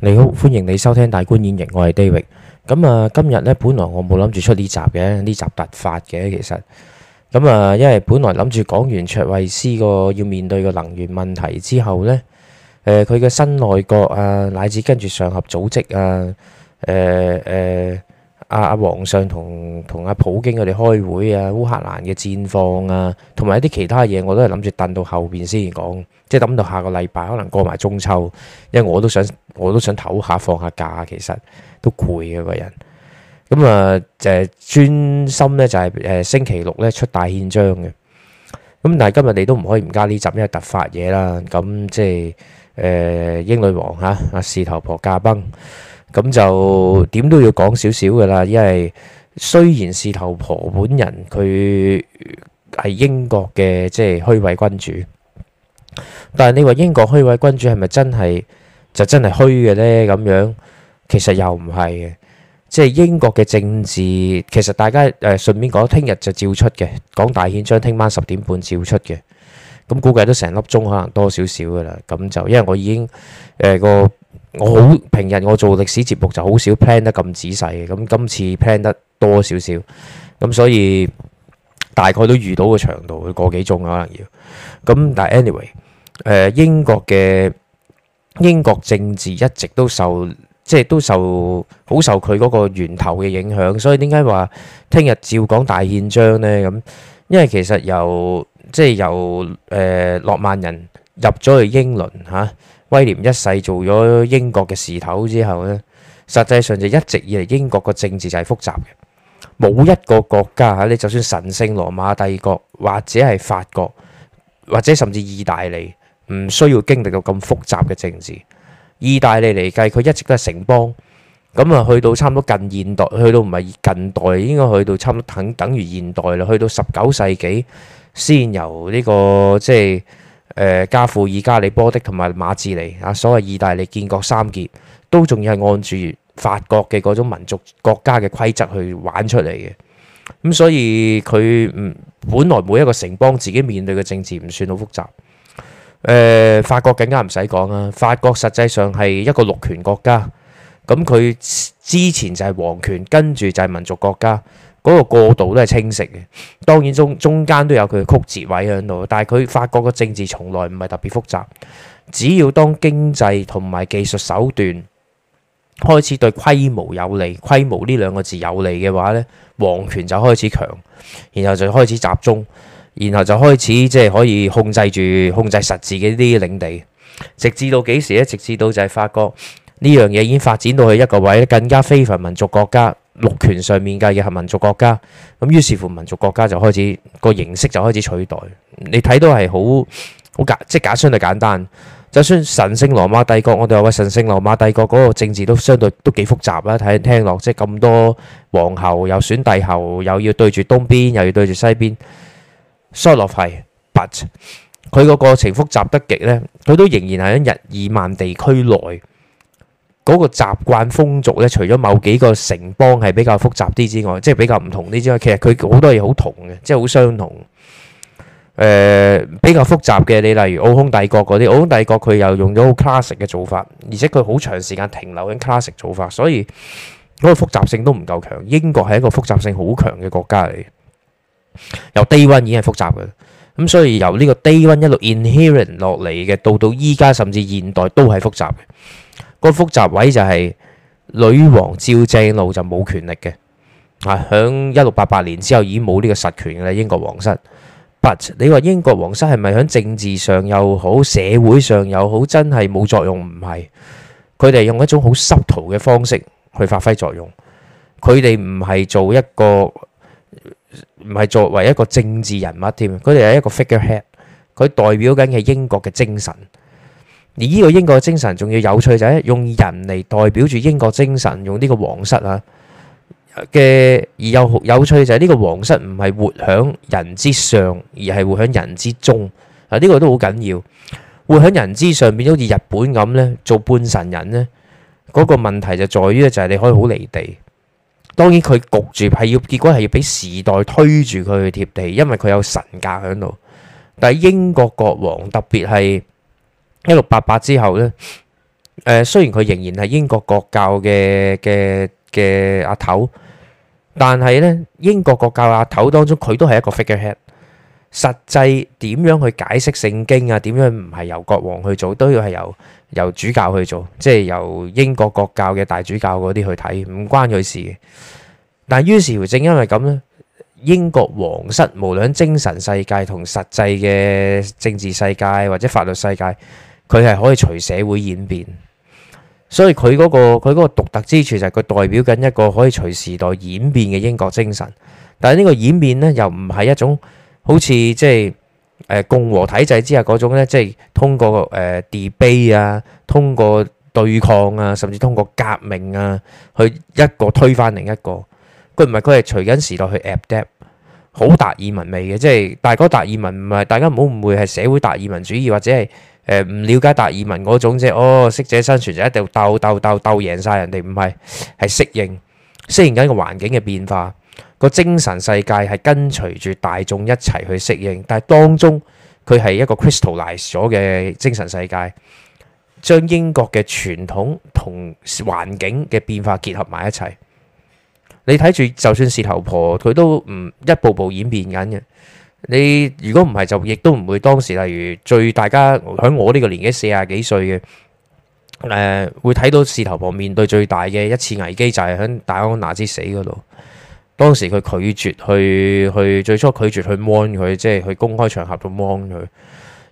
你好，歡迎你收聽大觀演繹，我係 David。咁啊，今日咧，本來我冇諗住出呢集嘅，呢集突發嘅其實。咁啊，因為本來諗住講完卓慧思個要面對個能源問題之後咧，誒，佢嘅新內閣啊，乃至跟住上合組織啊，誒、呃、誒。呃阿阿、啊、皇上同同阿普京佢哋開會啊，烏克蘭嘅戰況啊，同埋一啲其他嘢，我都係諗住等到後邊先講，即係等到下個禮拜，可能過埋中秋，因為我都想我都想唞下放下假，其實都攰嘅個人。咁啊、呃，就係、是、專心咧，就係、是、誒星期六咧出大憲章嘅。咁但係今日你都唔可以唔加呢集，因為突發嘢啦。咁即係誒、呃、英女王吓阿、啊、事頭婆駕崩。咁就點都要講少少㗎喇，因為雖然事頭婆本人佢係英國嘅即係虛位君主，但係你話英國虛位君主係咪真係就真係虛嘅呢？咁樣其實又唔係嘅，即係英國嘅政治其實大家誒順便講，聽日就照出嘅，講大憲章，聽晚十點半照出嘅，咁估計都成粒鐘可能多少少㗎喇。咁就因為我已經誒個。我好平日我做歷史節目就好少 plan 得咁仔細嘅，咁今次 plan 得多少少，咁所以大概都遇到個長度，個幾鐘可能要。咁但 anyway，呃，英國嘅英國政治一直都受，即係都受好受佢嗰個源頭嘅影響，所以點解話聽日照講大憲章呢？咁因為其實由即係由誒諾曼人入咗去英倫吓。威廉一世做咗英國嘅事頭之後呢，實際上就一直以嚟英國個政治就係複雜嘅，冇一個國家嚇你，就算神聖羅馬帝國或者係法國或者甚至意大利唔需要經歷到咁複雜嘅政治。意大利嚟計，佢一直都係城邦，咁啊去到差唔多近現代，去到唔係近代，應該去到差唔多等等於現代啦，去到十九世紀先由呢個即係。誒，加富爾、加里波的同埋馬志尼啊，所謂意大利建國三傑都仲要係按住法國嘅嗰種民族國家嘅規則去玩出嚟嘅，咁所以佢嗯本來每一個城邦自己面對嘅政治唔算好複雜。誒、呃、法國更加唔使講啦，法國實際上係一個陸權國家，咁佢之前就係皇權，跟住就係民族國家。嗰個過渡都係清晰嘅，當然中中間都有佢嘅曲折位喺度，但係佢法國個政治從來唔係特別複雜，只要當經濟同埋技術手段開始對規模有利，規模呢兩個字有利嘅話呢，王權就開始強，然後就開始集中，然後就開始即係、就是、可以控制住、控制實質嘅啲領地，直至到幾時呢？直至到就係法國。呢樣嘢已經發展到去一個位更加非凡民族國家，陸權上面嘅嘢，民族國家咁。於是乎，民族國家就開始、這個形式就開始取代。你睇到係好好假，即係假相對簡單。就算神聖羅馬帝國，我哋有位神聖羅馬帝國嗰個政治都相對都幾複雜啦。睇聽落即係咁多皇后又選帝侯，又要對住東邊，又要對住西邊。雖落係，but 佢個過程複雜得極呢，佢都仍然係喺日耳曼地區內。嗰個習慣風俗咧，除咗某幾個城邦係比較複雜啲之外，即係比較唔同啲之外，其實佢好多嘢好同嘅，即係好相同。誒，比較複雜嘅你，例如奧匈帝國嗰啲，奧匈帝國佢又用咗好 classic 嘅做法，而且佢好長時間停留喺 classic 做法，所以嗰個複雜性都唔夠強。英國係一個複雜性好強嘅國家嚟，由 day one 已經係複雜嘅，咁所以由呢個 day one 一路 inherent 落嚟嘅，到到依家甚至現代都係複雜嘅。個複雜位就係女王照正路就冇權力嘅，啊響一六八八年之後已經冇呢個實權嘅英國皇室。But 你話英國皇室係咪響政治上又好，社會上又好，真係冇作用？唔係，佢哋用一種好滲透嘅方式去發揮作用。佢哋唔係做一個，唔係作為一個政治人物添，佢哋係一個 figurehead，佢代表緊嘅英國嘅精神。而呢個英國嘅精神仲要有趣就係用人嚟代表住英國精神，用呢個皇室啊嘅而有有趣就係呢個皇室唔係活喺人之上，而係活喺人之中啊！呢個都好緊要。活喺人之上，變咗好似日本咁咧，做半神人咧，嗰個問題就在於就係你可以好離地。當然佢焗住係要，結果係要俾時代推住佢去貼地，因為佢有神格喺度。但係英國國王特別係。一六八八之後咧，誒，雖然佢仍然係英國國教嘅嘅嘅阿頭，但係咧英國國教阿頭當中，佢都係一個 figurehead。實際點樣去解釋聖經啊？點樣唔係由國王去做，都要係由由主教去做，即係由英國國教嘅大主教嗰啲去睇，唔關佢事嘅。但係於是正因為咁咧。.英國皇室無論精神世界同實際嘅政治世界或者法律世界，佢係可以隨社會演變，所以佢嗰、嗰個佢嗰個獨特之處就係佢代表緊一個可以隨時代演變嘅英國精神。但係呢個演變呢，又唔係一種好似即係誒共和體制之下嗰種即係、即係、通過誒 debate 啊，通過對抗啊，甚至通過革命啊，去一個推翻另一個。佢唔係佢係隨緊時代去 adapt，好達爾文味嘅，即係大哥達爾文唔係大家唔好誤會係社會達爾文主義或者係誒唔了解達爾文嗰種啫。哦，適者生存就一定鬥鬥鬥鬥贏晒人哋，唔係係適應適應緊個環境嘅變化，個精神世界係跟隨住大眾一齊去適應，但係當中佢係一個 crystallised 咗嘅精神世界，將英國嘅傳統同環境嘅變化結合埋一齊。你睇住，就算事頭婆，佢都唔一步步演變緊嘅。你如果唔係，就亦都唔會當時，例如最大家喺我呢個年紀四十幾歲嘅，誒、呃、會睇到事頭婆面對最大嘅一次危機，就係喺戴安娜之死嗰度。當時佢拒絕去去最初拒絕去 mourn 佢，即係去公開場合度 mourn 佢。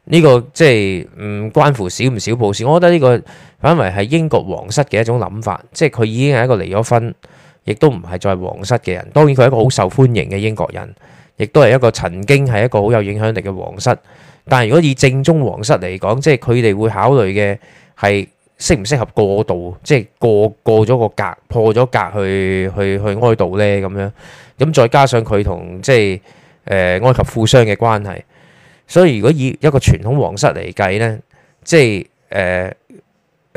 呢、這個即係唔、嗯、關乎少唔少暴事，我覺得呢個反為係英國皇室嘅一種諗法，即係佢已經係一個離咗婚。亦都唔係再係皇室嘅人，當然佢係一個好受歡迎嘅英國人，亦都係一個曾經係一個好有影響力嘅皇室。但係如果以正宗皇室嚟講，即係佢哋會考慮嘅係適唔適合過渡，即係過過咗個格、破咗格去去去哀悼呢咁樣。咁再加上佢同即係、呃、埃及富商嘅關係，所以如果以一個傳統皇室嚟計呢，即係誒。呃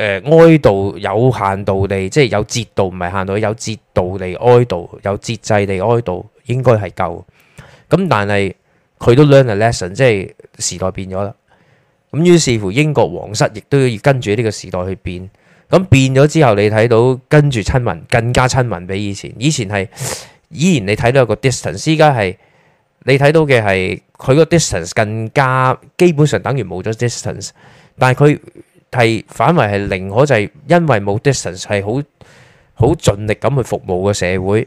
誒、呃、哀悼有限度地，即係有節度，唔係限度，有節度地哀悼，有節制地哀悼，應該係夠。咁但係佢都 learn a lesson，即係時代變咗啦。咁於是乎英國皇室亦都要跟住呢個時代去變。咁變咗之後，你睇到跟住親民，更加親民比以前。以前係依然你睇到有個 distance，依家係你睇到嘅係佢個 distance 更加基本上等於冇咗 distance，但係佢。係反為係寧可就係因為冇 distance 係好好盡力咁去服務個社會，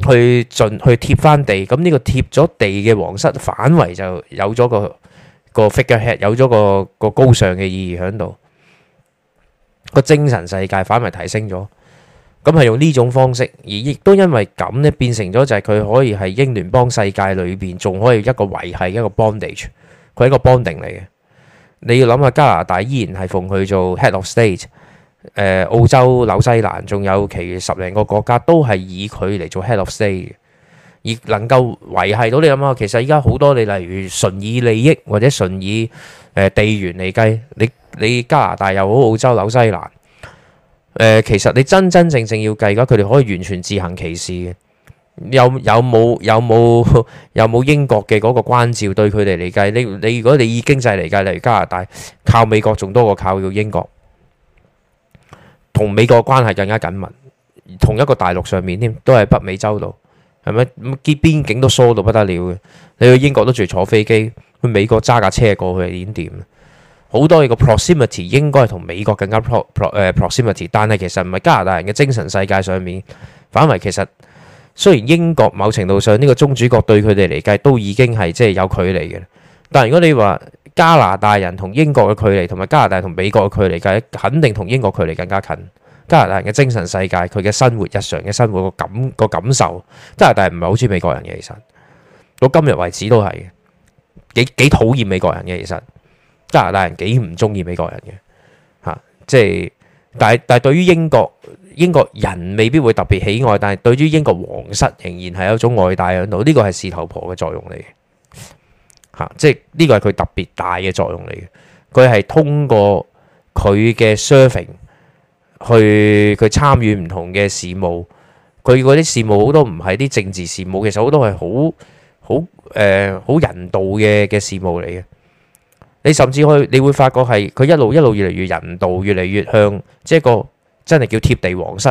去盡去貼翻地，咁呢個貼咗地嘅皇室反為就有咗個個 figurehead，有咗個個高尚嘅意義喺度，個精神世界反為提升咗。咁係用呢種方式，而亦都因為咁咧，變成咗就係佢可以係英聯邦世界裏邊，仲可以一個維係一個 bondage，佢係一個 bonding 嚟嘅。你要諗下加拿大依然係奉佢做 head of state，呃，澳洲紐西蘭仲有其餘十零個國家都係以佢嚟做 head of state，而能夠維繫到，你諗下，其實依家好多你例如純以利益或者純以地緣嚟計，你你加拿大又好，澳洲紐西蘭，呃，其實你真真正正要計嘅，佢哋可以完全自行其事嘅。有有冇有冇有冇英國嘅嗰個關照對佢哋嚟計？你你如果你以經濟嚟計，例如加拿大靠美國仲多過靠要英國，同美國關係更加緊密，同一個大陸上面添，都係北美洲度，係咪咁？邊境都疏到不得了嘅，你去英國都仲要坐飛機，去美國揸架車過去點點？好多嘢個 proximity 應該係同美國更加 prox proximity，但係其實唔係加拿大人嘅精神世界上面反為其實。雖然英國某程度上呢、呢個宗主國對佢哋嚟計都已經係即係有距離嘅，但係如果你話加拿大人同英國嘅距離，同埋加拿大同美國嘅距離，梗肯定同英國距離更加近。加拿大人嘅精神世界，佢嘅生活、日常嘅生活、個感、個感受，加拿大唔係好中意美國人嘅，其實到今日為止都係幾幾討厭美國人嘅，其實加拿大人幾唔中意美國人嘅嚇、啊，即係但係但係對於英國。英國人未必會特別喜愛，但係對於英國皇室仍然係一種愛戴喺度，呢個係事頭婆嘅作用嚟嘅，嚇、啊！即係呢個係佢特別大嘅作用嚟嘅。佢係通過佢嘅 serving，去佢參與唔同嘅事務。佢嗰啲事務好多唔係啲政治事務，其實好多係好好誒好人道嘅嘅事務嚟嘅。你甚至去你會發覺係佢一路一路越嚟越人道，越嚟越向即係個。真係叫貼地皇室，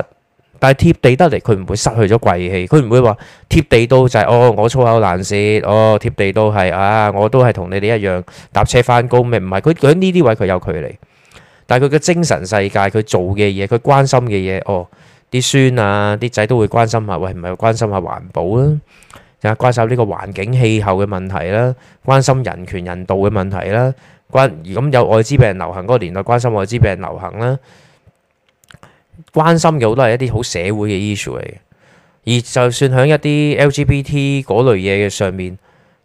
但係貼地得嚟，佢唔會失去咗貴氣，佢唔會話貼地到就係哦，我粗口難舌哦，貼地到係啊，我都係同你哋一樣搭車翻工咩？唔係佢喺呢啲位，佢有距離。但係佢嘅精神世界，佢做嘅嘢，佢關心嘅嘢，哦，啲孫啊，啲仔都會關心下，喂，唔係關心下環保啊，啊，關心呢個環境氣候嘅問題啦，關心人權人道嘅問題啦，關，如咁有愛滋病人流行嗰個年代，關心愛滋病人流行啦。關心嘅好多係一啲好社會嘅 issue 嚟嘅，而就算喺一啲 LGBT 嗰類嘢嘅上面，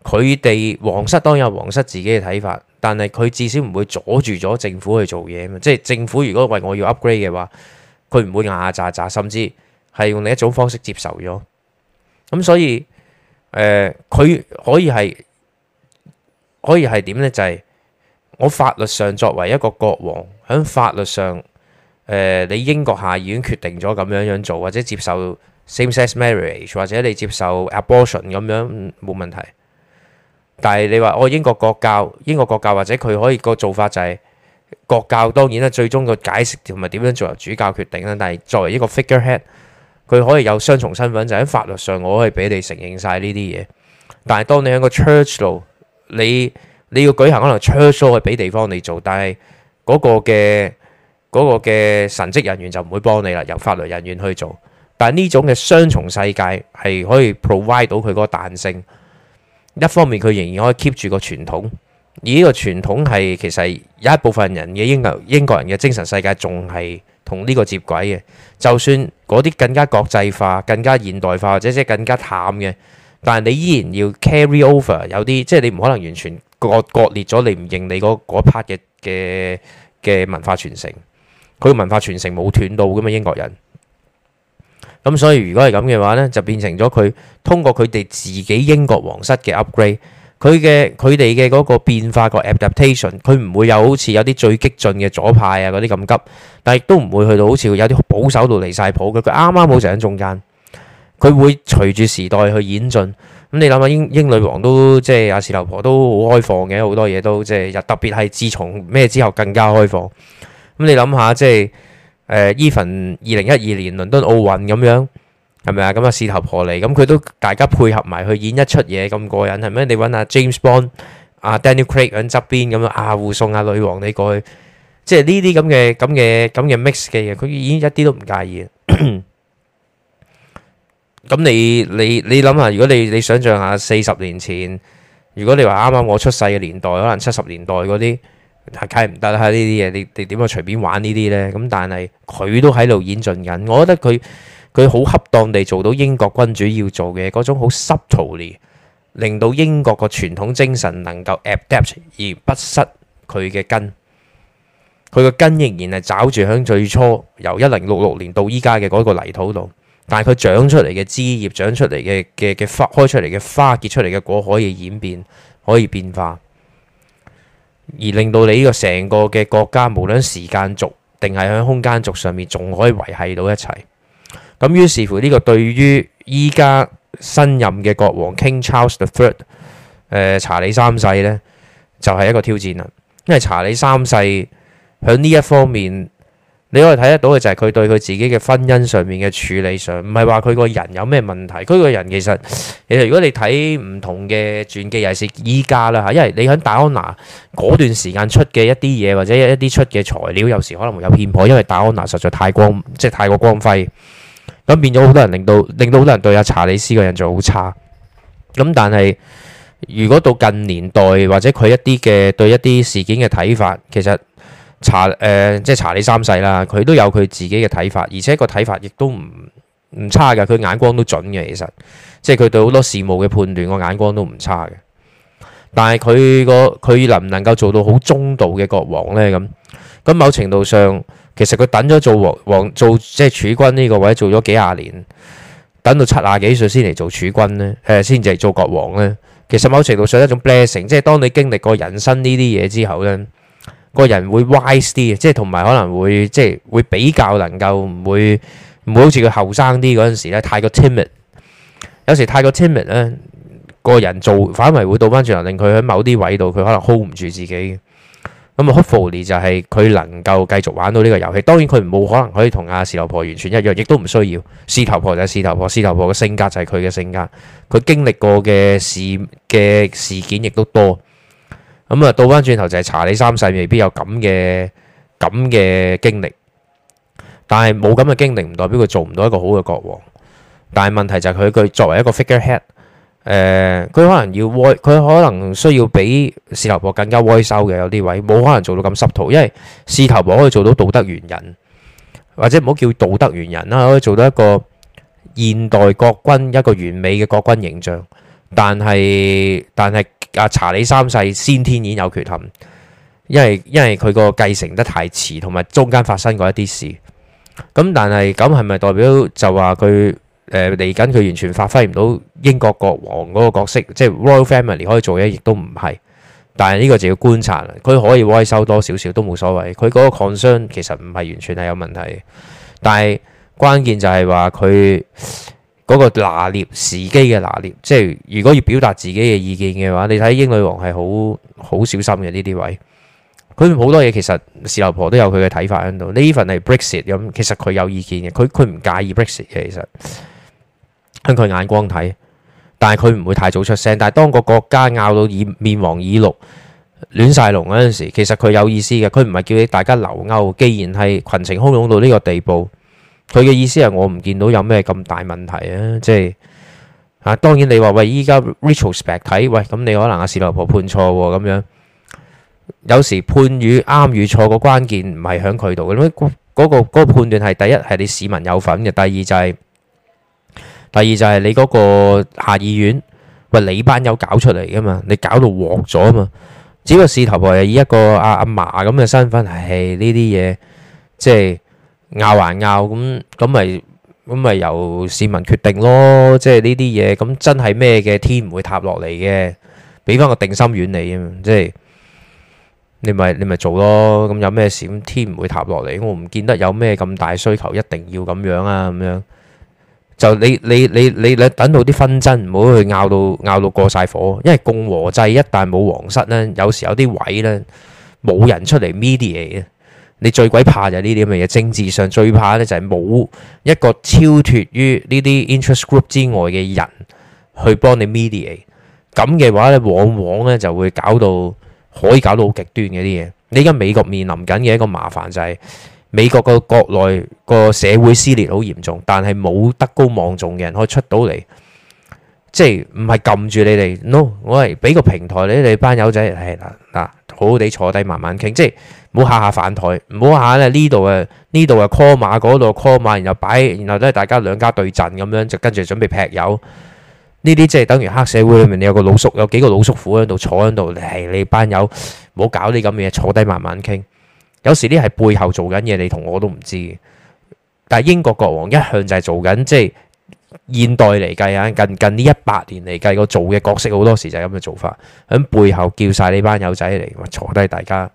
佢哋皇室當然有皇室自己嘅睇法，但係佢至少唔會阻住咗政府去做嘢。即係政府如果為我要 upgrade 嘅話，佢唔會牙牙扎扎，甚至係用另一種方式接受咗。咁所以誒，佢、呃、可以係可以係點咧？就係、是、我法律上作為一個國王，響法律上。誒、呃，你英國下已經決定咗咁樣樣做，或者接受 same sex marriage，或者你接受 abortion 咁樣冇、嗯、問題。但係你話我英國國教，英國國教或者佢可以個做法就係、是、國教當然啦，最終個解釋同埋點樣作為主教決定啦。但係作為一個 figurehead，佢可以有雙重身份，就喺、是、法律上我可以俾你承認晒呢啲嘢。但係當你喺個 church 度，你你要舉行可能 church law，去俾地方你做，但係嗰個嘅。嗰個嘅神職人員就唔會幫你啦，由法律人員去做。但係呢種嘅雙重世界係可以 provide 到佢嗰個彈性。一方面佢仍然可以 keep 住個傳統，而呢個傳統係其實有一部分人嘅英國英國人嘅精神世界仲係同呢個接軌嘅。就算嗰啲更加國際化、更加現代化或者即係更加淡嘅，但係你依然要 carry over 有啲即係你唔可能完全割割裂咗，你唔認你嗰 part 嘅嘅嘅文化傳承。佢文化傳承冇斷到㗎嘛？英國人咁，所以如果係咁嘅話呢，就變成咗佢通過佢哋自己英國皇室嘅 upgrade，佢嘅佢哋嘅嗰個變化、個 adaptation，佢唔會有好似有啲最激進嘅左派啊嗰啲咁急，但係都唔會去到好似有啲保守到離晒譜嘅。佢啱啱好就喺中間，佢會隨住時代去演進。咁你諗下，英英女王都即係事頭婆都好開放嘅，好多嘢都即係特別係自從咩之後更加開放。咁你諗下，即係誒，依份二零一二年倫敦奧運咁樣，係咪啊？咁啊，事頭婆嚟，咁佢都大家配合埋去演一出嘢，咁過癮係咪？你揾阿 James Bond、阿 Daniel Craig 喺側邊咁樣啊，護送阿女王你過去，即係呢啲咁嘅咁嘅咁嘅 mix 嘅嘢，佢已經一啲都唔介意。咁你你你諗下，如果你你想象下四十年前，如果你話啱啱我出世嘅年代，可能七十年代嗰啲。梗係唔得啦，呢啲嘢你你點可以隨便玩呢啲呢？咁但係佢都喺度演進緊，我覺得佢佢好恰當地做到英國君主要做嘅嗰種好 subtlety，令到英國個傳統精神能夠 adapt 而不失佢嘅根，佢個根仍然係找住喺最初由一零六六年到依家嘅嗰個泥土度，但係佢長出嚟嘅枝葉、長出嚟嘅嘅嘅花、開出嚟嘅花、結出嚟嘅果可以演變，可以變化。而令到你呢個成個嘅國家，無論時間軸定係喺空間軸上面，仲可以維繫到一齊。咁於是乎，呢個對於依家新任嘅國王 King Charles the Third，查理三世呢，就係一個挑戰啦。因為查理三世喺呢一方面。你可以睇得到嘅就係佢對佢自己嘅婚姻上面嘅處理上，唔係話佢個人有咩問題。佢個人其實其實，如果你睇唔同嘅傳記，尤其是依家啦嚇，因為你喺戴安娜嗰段時間出嘅一啲嘢或者一啲出嘅材料，有時可能會有偏頗，因為戴安娜實在太光，即係太過光輝，咁變咗好多人令到令到好多人對阿查理斯個人就好差。咁但係如果到近年代或者佢一啲嘅對一啲事件嘅睇法，其實查誒、呃，即係查理三世啦，佢都有佢自己嘅睇法，而且個睇法亦都唔唔差嘅，佢眼光都準嘅。其實，即係佢對好多事務嘅判斷，個眼光都唔差嘅。但係佢、個佢能唔能夠做到好中道嘅國王呢？咁咁某程度上，其實佢等咗做王，王做即係儲君呢個位做咗幾廿年，等到七廿幾歲先嚟做儲君呢，誒先至做國王呢。其實某程度上一種 blessing，即係當你經歷過人生呢啲嘢之後呢。個人會 wise 啲即係同埋可能會即係會比較能夠唔會唔會好似佢後生啲嗰陣時咧，太過 timid。有時太過 timid 咧，個人做反為會倒返轉頭，令佢喺某啲位度，佢可能 hold 唔住自己。咁啊，hopefully 就係佢能夠繼續玩到呢個遊戲。當然佢冇可能可以同阿事頭婆完全一樣，亦都唔需要事頭婆就係事頭婆。事頭婆嘅性格就係佢嘅性格，佢經歷過嘅事嘅事件亦都多。咁啊，倒翻轉頭就係查理三世未必有咁嘅咁嘅經歷，但係冇咁嘅經歷唔代表佢做唔到一個好嘅國王。但係問題就係佢佢作為一個 figurehead，佢、呃、可能要威，佢可能需要比事頭婆更加威收嘅有啲位，冇可能做到咁濕土，因為事頭婆可以做到道德完人，或者唔好叫道德完人啦，可以做到一個現代國君一個完美嘅國君形象。但係但係阿查理三世先天已經有缺陷，因為因為佢個繼承得太遲，同埋中間發生過一啲事。咁但係咁係咪代表就話佢誒嚟緊佢完全發揮唔到英國國王嗰個角色，即係 Royal Family 可以做嘢，亦都唔係。但係呢個就要觀察啦，佢可以威收多少少都冇所謂，佢嗰個創傷其實唔係完全係有問題，但係關鍵就係話佢。嗰個拿捏時機嘅拿捏，即係如果要表達自己嘅意見嘅話，你睇英女王係好好小心嘅呢啲位。佢好多嘢其實事頭婆都有佢嘅睇法喺度。呢份係 Brexit 咁，其實佢有意見嘅，佢佢唔介意 Brexit 嘅。其實向佢眼光睇，但係佢唔會太早出聲。但係當個國家拗到耳面黃耳綠、亂晒龍嗰陣時，其實佢有意思嘅。佢唔係叫你大家留歐，既然係群情洶湧到呢個地步。佢嘅意思係我唔見到有咩咁大問題啊！即係啊，當然你話喂，依家 retrospect 睇喂，咁你可能阿事頭婆判錯咁樣，有時判與啱與錯個關鍵唔係響佢度嘅，因為嗰個嗰個判斷係第一係你市民有份嘅，第二就係第二就係你嗰個下議院喂，你班友搞出嚟噶嘛，你搞到鑊咗嘛，只不過事頭婆係以一個阿阿嫲咁嘅身份係呢啲嘢，即係。拗還拗咁，咁咪咁咪由市民決定咯。即係呢啲嘢，咁真係咩嘅天唔會塌落嚟嘅。俾翻個定心丸你啊，即係你咪你咪做咯。咁有咩事，咁天唔會塌落嚟。我唔見得有咩咁大需求，一定要咁樣啊咁樣。就你你你你，你等到啲紛爭，唔好去拗到拗到過晒火。因為共和制一旦冇皇室呢，有時有啲位呢，冇人出嚟 mediate 嘅。你最鬼怕就係呢啲咁嘅嘢，政治上最怕咧就係冇一個超脫於呢啲 interest group 之外嘅人去幫你 mediate，咁嘅話咧，往往咧就會搞到可以搞到好極端嘅啲嘢。你而家美國面臨緊嘅一個麻煩就係、是、美國個國內個社會撕裂好嚴重，但係冇德高望重嘅人可以出到嚟，即係唔係撳住你哋，No，我係俾個平台你哋班友仔，係嗱嗱，好好地坐低慢慢傾，即係。唔好下下反台，唔好下下呢度啊，呢度啊 call 馬，嗰度 call 馬，然後擺，然後都係大家兩家對陣咁樣，就跟住準備劈友呢啲，即係等於黑社會裏面你有個老叔，有幾個老叔父喺度坐喺度，係你班友，唔好搞啲咁嘅嘢，坐低慢慢傾。有時啲係背後做緊嘢，你同我都唔知。但係英國國王一向就係做緊，即係現代嚟計啊，近近呢一百年嚟計，個做嘅角色好多時就係咁嘅做法，喺背後叫晒你班友仔嚟，話坐低大家。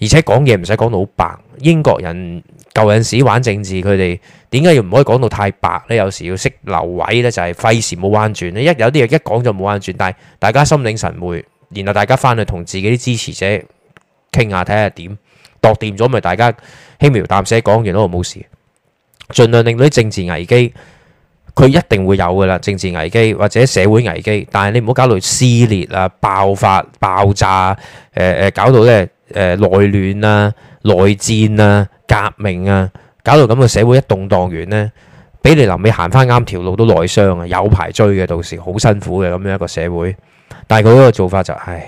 而且講嘢唔使講到好白，英國人舊陣時玩政治，佢哋點解要唔可以講到太白咧？有時要識留位咧，就係費事冇彎轉咧。一有啲嘢一講就冇彎轉，但係大家心領神會，然後大家翻去同自己啲支持者傾下，睇下點度掂咗咪？大家輕描淡寫講完囉，冇事，儘量令到啲政治危機佢一定會有噶啦。政治危機或者社會危機，但係你唔好搞到撕裂啊、爆發、爆炸，誒誒，搞到咧。誒、呃、內亂啊、內戰啊、革命啊，搞到咁嘅社會一動盪完呢，俾你臨尾行翻啱條路都內傷啊，有排追嘅，到時好辛苦嘅咁樣一個社會。但係佢嗰個做法就係、是，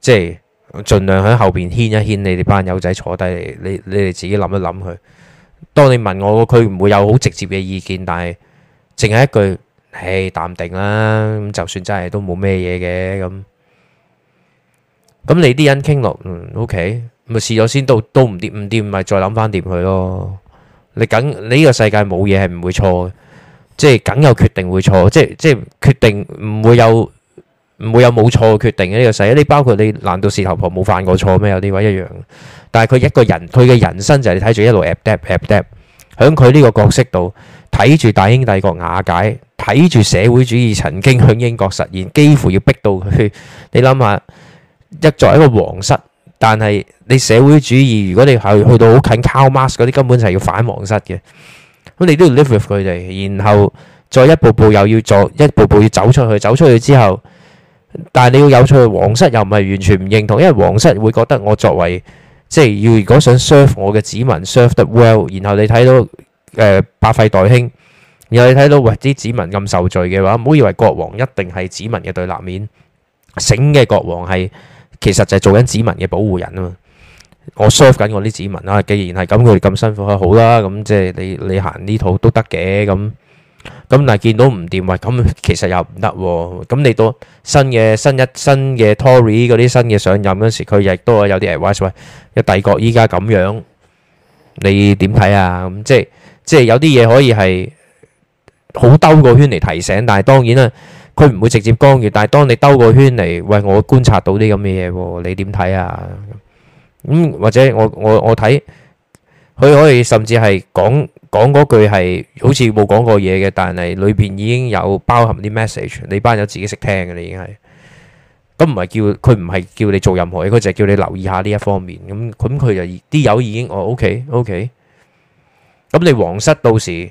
即係盡量喺後邊牽一牽你哋班友仔坐低嚟，你你哋自己諗一諗佢。當你問我，佢唔會有好直接嘅意見，但係淨係一句，唉，淡定啦，咁就算真係都冇咩嘢嘅咁。咁你啲人傾落，嗯，OK，咪試咗先，都都唔掂唔掂咪再諗翻掂佢咯。你梗你呢個世界冇嘢係唔會錯，即係梗有決定會錯，即係即係決定唔會有唔會有冇錯嘅決定嘅呢個世界。你包括你，難道事頭婆冇犯過錯咩？有啲位一樣，但係佢一個人，佢嘅人生就係睇住一路 up up up up 響佢呢個角色度睇住大英帝國瓦解，睇住社會主義曾經喺英國實現，幾乎要逼到佢。你諗下。一作為一個皇室，但係你社會主義，如果你係去到好近，靠 mask 嗰啲根本就係要反皇室嘅，咁你都要 live with 佢哋，然後再一步步又要做，一步步要走出去，走出去之後，但係你要有出去皇室又唔係完全唔認同，因為皇室會覺得我作為即係要如果想 serve 我嘅子民，serve 得 well，然後你睇到誒百廢待興，然後你睇到哇啲、呃呃、子民咁受罪嘅話，唔好以為國王一定係子民嘅對立面，醒嘅國王係。其實就係做緊子民嘅保護人啊嘛，我 serve 緊我啲子民啦。既然係咁，佢哋咁辛苦，好啦，咁即係你你行呢套都得嘅咁。咁但係，見到唔掂喂，咁其實又唔得喎。咁你到新嘅新一新嘅 Tory 嗰啲新嘅上任嗰時，佢亦都係有啲 advice 喂，有帝國依家咁樣，你點睇啊？咁即係即係有啲嘢可以係好兜個圈嚟提醒，但係當然啦。佢唔會直接干預，但係當你兜個圈嚟，喂，我觀察到啲咁嘅嘢喎，你點睇啊？咁或者我我我睇，佢可以甚至係講講嗰句係好似冇講過嘢嘅，但係裏邊已經有包含啲 message。你班友自己識聽嘅啦，你已經係。咁唔係叫佢唔係叫你做任何嘢，佢就係叫你留意下呢一方面。咁咁佢就啲友已經哦，OK OK。咁你皇室到時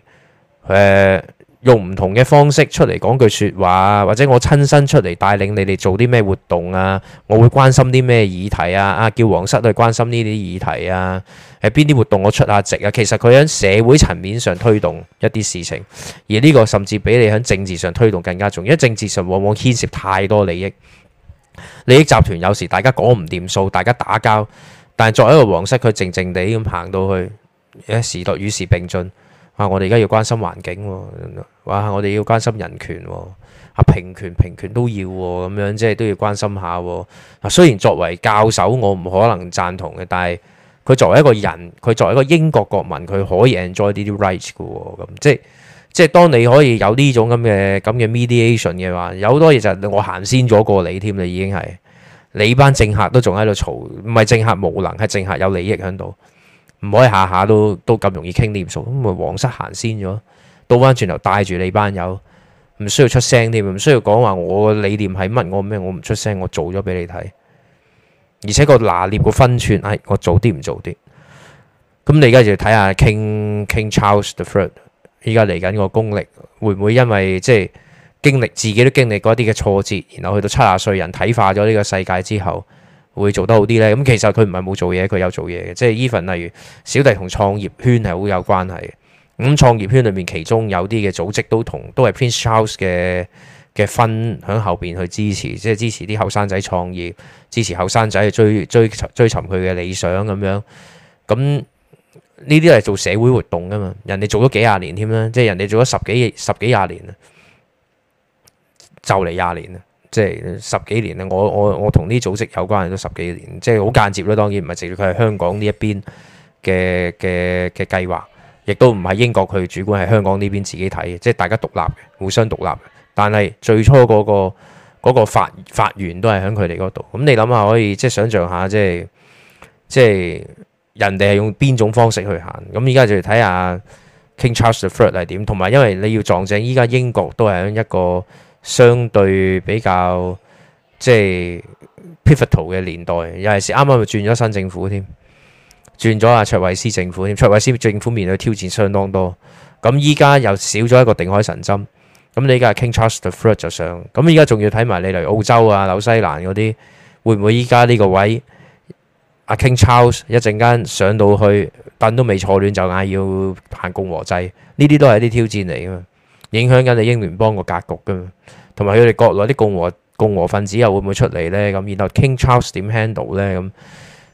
誒？用唔同嘅方式出嚟講句説話，或者我親身出嚟帶領你哋做啲咩活動啊？我會關心啲咩議題啊？啊，叫皇室去關心呢啲議題啊？喺邊啲活動我出下席啊？其實佢喺社會層面上推動一啲事情，而呢個甚至比你喺政治上推動更加重要，因為政治上往往牽涉太多利益，利益集團有時大家講唔掂數，大家打交。但係作為一個皇室，佢靜靜地咁行到去，誒時代與時並進啊！我哋而家要關心環境喎、啊。哇！我哋要關心人權喎、哦，啊平權平權都要喎、哦，咁樣即係都要關心下喎。啊，雖然作為教授我唔可能贊同嘅，但係佢作為一個人，佢作為一個英國國民，佢可以 enjoy 啲啲 rights 嘅喎、哦。咁即係即係當你可以有呢種咁嘅咁嘅 mediation 嘅話，有好多嘢就係我行先咗過你添啦，你已經係你班政客都仲喺度嘈，唔係政客無能，係政客有利益喺度，唔可以下下都都咁容易傾掂呢條數，咁咪王室行先咗。倒翻轉頭帶住你班友，唔需要出聲添，唔需要講話。我理念係乜？我咩？我唔出聲，我做咗俾你睇。而且個拿捏個分寸，係、哎、我做啲唔做啲。咁你而家就要睇下 King King Charles the Third 依家嚟緊個功力會唔會因為即係經歷自己都經歷過一啲嘅挫折，然後去到七十歲人睇化咗呢個世界之後，會做得好啲呢？咁其實佢唔係冇做嘢，佢有做嘢嘅。即係 Even 例如小弟同創業圈係好有關係咁創業圈裏面，其中有啲嘅組織都同都係 Prince Charles 嘅嘅分喺後邊去支持，即係支持啲後生仔創業，支持後生仔去追追追尋佢嘅理想咁樣。咁呢啲係做社會活動噶嘛？人哋做咗幾廿年添啦，即係人哋做咗十幾十幾廿年啦，就嚟廿年啦，即係十幾年啦。我我我同呢啲組織有關係都十幾年，即係好間接啦。當然唔係直接，佢係香港呢一邊嘅嘅嘅計劃。亦都唔係英國，佢主管係香港呢邊自己睇嘅，即係大家獨立，互相獨立。但係最初嗰個、嗰個法、法源都係喺佢哋嗰度。咁你諗下，可以即係想像下，即係即係人哋係用邊種方式去行？咁依家就要睇下 King Charles the Third 係點。同埋因為你要撞正，依家英國都係喺一個相對比較即係 pivotal 嘅年代，尤其是啱啱咪轉咗新政府添。轉咗阿卓慧斯政府，卓慧斯政府面對挑戰相當多。咁依家又少咗一個定海神針。咁你依家係 King Charles the Third 就上，咁依家仲要睇埋你嚟澳洲啊、紐西蘭嗰啲，會唔會依家呢個位阿 King Charles 一陣間上到去凳都未坐暖就嗌要行共和制？呢啲都係啲挑戰嚟噶嘛，影響緊你英聯邦個格局噶嘛。同埋佢哋國內啲共和共和分子又會唔會出嚟呢？咁然後 King Charles 點 handle 呢？咁？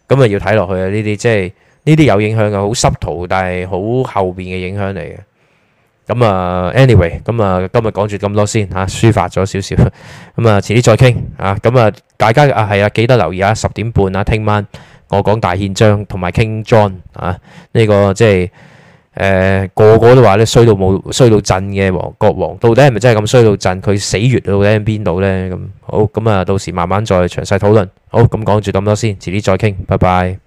咁啊，要睇落去啊！呢啲即係呢啲有影響嘅，好濕圖，但係好後邊嘅影響嚟嘅。咁啊，anyway，咁啊，今日講住咁多先嚇、啊，抒發咗少少。咁啊，遲啲再傾啊。咁啊，大家啊，係啊，記得留意下啊，十點半啊，聽晚我講大憲章同埋傾 John 啊，呢、這個即、就、係、是。誒、呃，個個都話咧，衰到冇，衰到震嘅王國王到底係咪真係咁衰到震？佢死穴到底喺邊度咧？咁好，咁啊，到時慢慢再詳細討論。好，咁講住咁多先，遲啲再傾，拜拜。